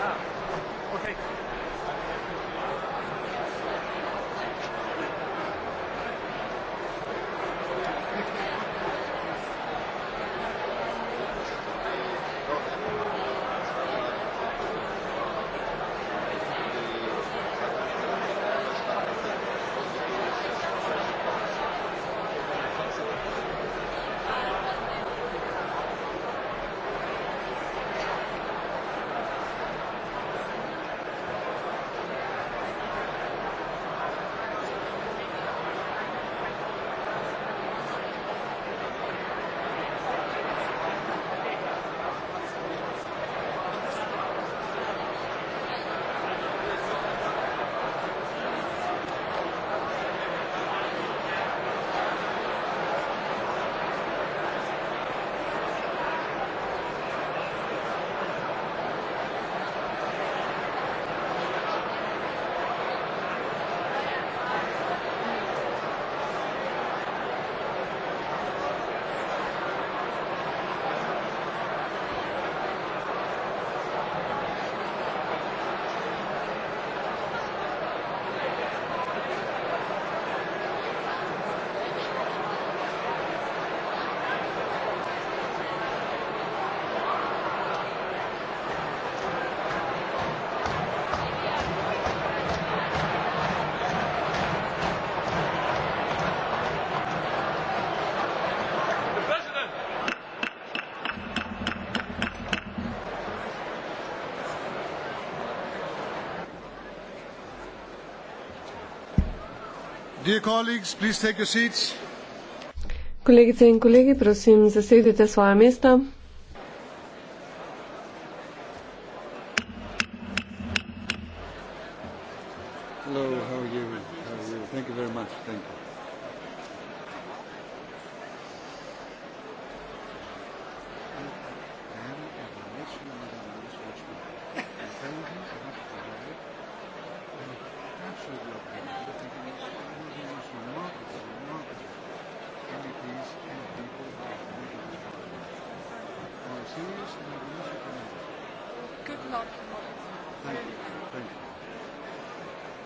Ah, ok. Kolegice in kolegi, prosim, zasedite svoja mesta.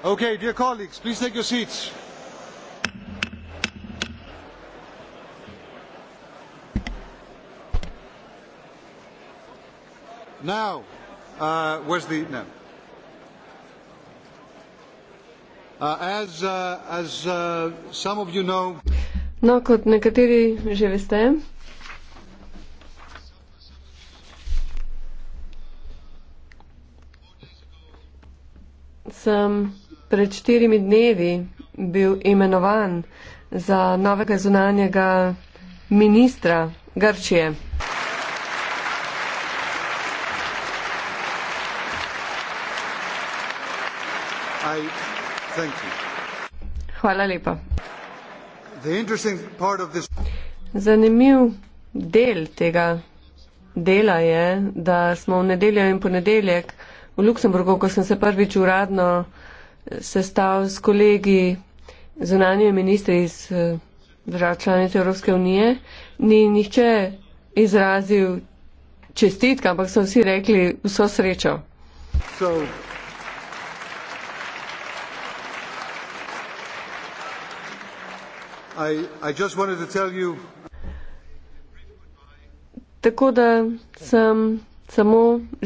Okay, dear colleagues, please take your seats. Now, uh, where's the now? Uh, as uh, as uh, some of you know. No, kot nekateri že veste. sem pred štirimi dnevi bil imenovan za novega zunanjega ministra Grčije. I, Hvala lepa. This... Zanimiv del tega dela je, da smo v nedeljo in ponedeljek v Luksemburgu, ko sem se prvič uradno eh, sestal s kolegi zunanje ministri iz eh, držav članice Evropske unije, ni nihče izrazil čestitka, ampak so vsi rekli vso srečo. So. I, I Tako da sem samo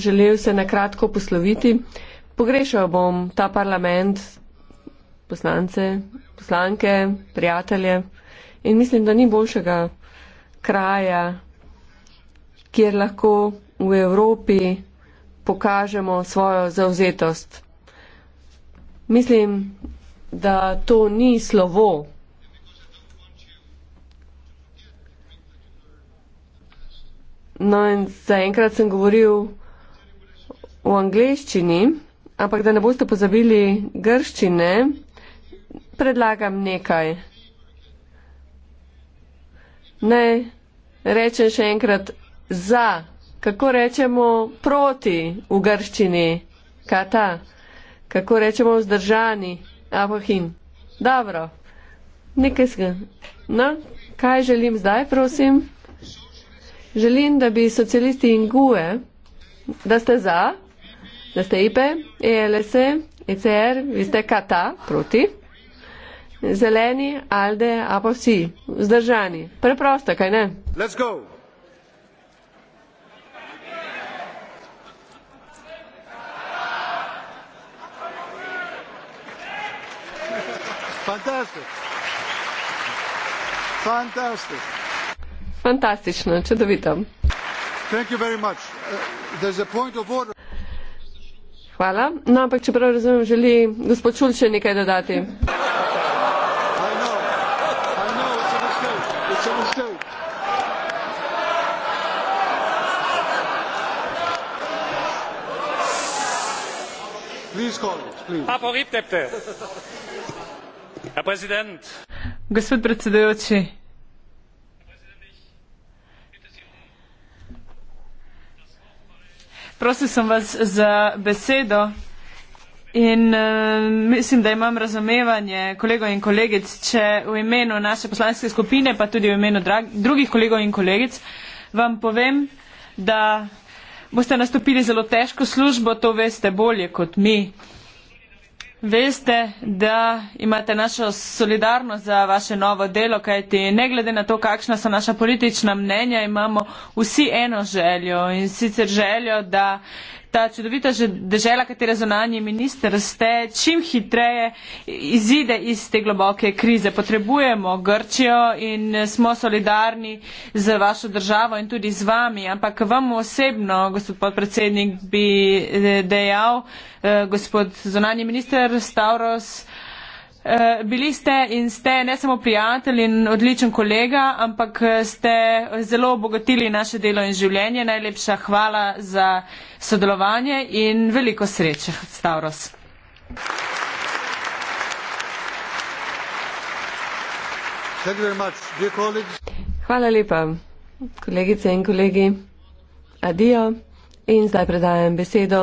želel se nakratko posloviti. Pogrešal bom ta parlament, poslance, poslanke, prijatelje in mislim, da ni boljšega kraja, kjer lahko v Evropi pokažemo svojo zauzetost. Mislim, da to ni slovo No in zaenkrat sem govoril v angleščini, ampak da ne boste pozabili grščine, predlagam nekaj. Ne rečem še enkrat za, kako rečemo proti v grščini, kata, kako rečemo vzdržani, apohim. Dobro, nekaj sem. No, kaj želim zdaj, prosim? Želim, da bi socialisti in GUE, da ste za, da ste IPE, ELS, ECR, vi ste KATA proti, zeleni, ALDE, a pa vsi, vzdržani. Preprosto, kaj ne? Fantastic. Fantastic. Fantastično, čudovito. Uh, Hvala. No, ampak čeprav razumem, želi gospod Šulč še nekaj dodati. Gospod predsedujoči, prosil sem vas za besedo in uh, mislim, da imam razumevanje kolego in kolegic, če v imenu naše poslanske skupine, pa tudi v imenu drugih kolegov in kolegic, vam povem, da boste nastopili zelo težko službo, to veste bolje kot mi. Uh, veste, da imate našo solidarnost za vaše novo delo, kajti ne glede na to, kakšna so naša politična mnenja, imamo vsi eno željo in sicer željo, da ta čudovita že dežela, katera zonanje minister ste, čim hitreje izide iz te globoke krize. Potrebujemo Grčijo in smo solidarni z vašo državo in tudi z vami, ampak vam osebno, gospod podpredsednik, bi eh, dejal, eh, gospod zonanje minister Stavros, Eh, bili ste in ste ne samo prijatelj in odličen kolega, ampak eh, ste zelo obogatili naše delo in življenje. Najlepša hvala za sodelovanje in veliko sreče, Stavros. Hvala lepa, kolegice in kolegi. Adijo. In zdaj predajam besedo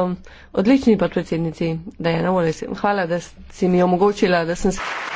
odlični podpredsednici Dajana Oles. Hvala, da si mi omogočila, da sem se.